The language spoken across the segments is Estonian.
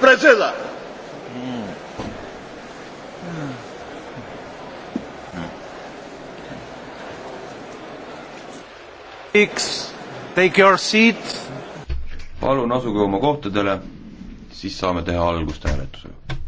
preseda. X, take your seat. palun asuge oma kohtadele, siis saame teha algust hääletusega.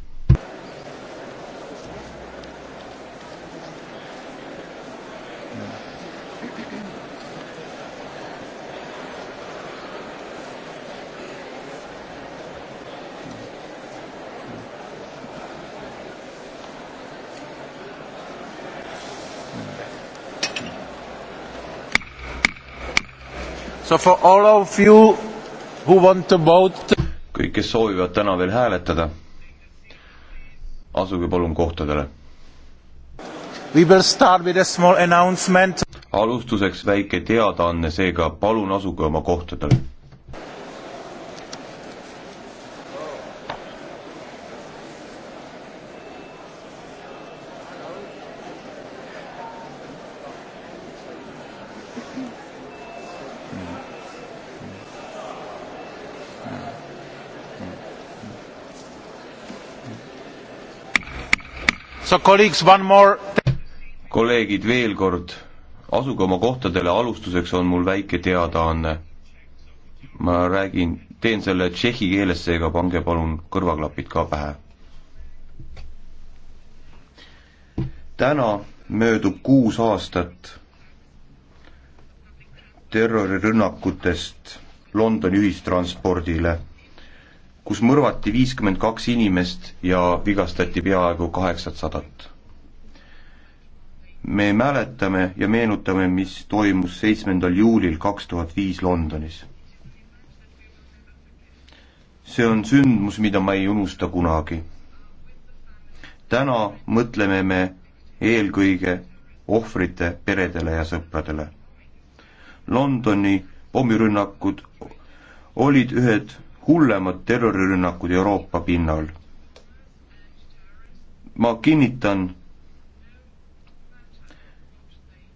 So for all of you who want to vote kõik, kes soovivad täna veel hääletada, asuge palun kohtadele. We will start with a small announcement. alustuseks väike teadaanne, seega palun asuge oma kohtadele kolleegid, veel kord, asuge oma kohtadele, alustuseks on mul väike teadaanne. ma räägin, teen selle tšehhi keeles, seega pange palun kõrvaklapid ka pähe. täna möödub kuus aastat terrorirünnakutest Londoni ühistranspordile kus mõrvati viiskümmend kaks inimest ja vigastati peaaegu kaheksasadat. me mäletame ja meenutame, mis toimus seitsmendal juulil kaks tuhat viis Londonis. see on sündmus, mida ma ei unusta kunagi. täna mõtleme me eelkõige ohvrite peredele ja sõpradele. Londoni pommirünnakud olid ühed hullemad terrorirünnakud Euroopa pinnal. ma kinnitan,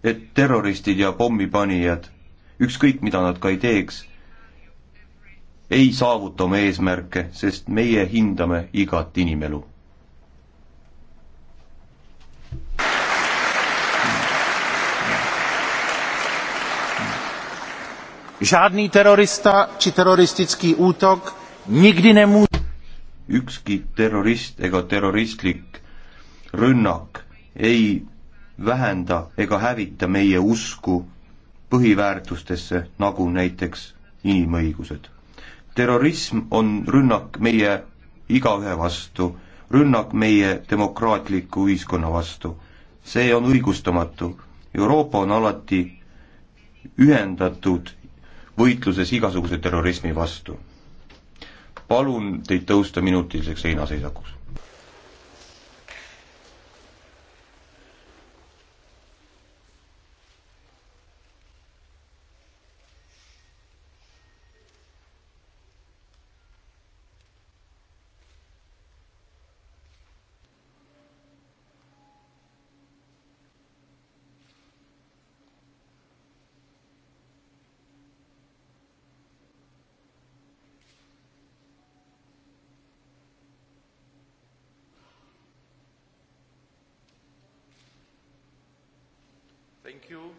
et terroristid ja pommipanijad, ükskõik mida nad ka ei teeks, ei saavuta oma eesmärke, sest meie hindame igat inimelu žádný terorista či teroristický útok nikdy nemůže ükski terrorist ega terroristlik rünnak ei vähenda ega hävita meie usku põhiväärtustesse, nagu näiteks inimõigused. terrorism on rünnak meie igaühe vastu, rünnak meie demokraatliku ühiskonna vastu. see on õigustamatu. Euroopa on alati ühendatud võitluses igasuguse terrorismi vastu. palun teid tõusta minutiliseks seinaseisakuks. Thank you.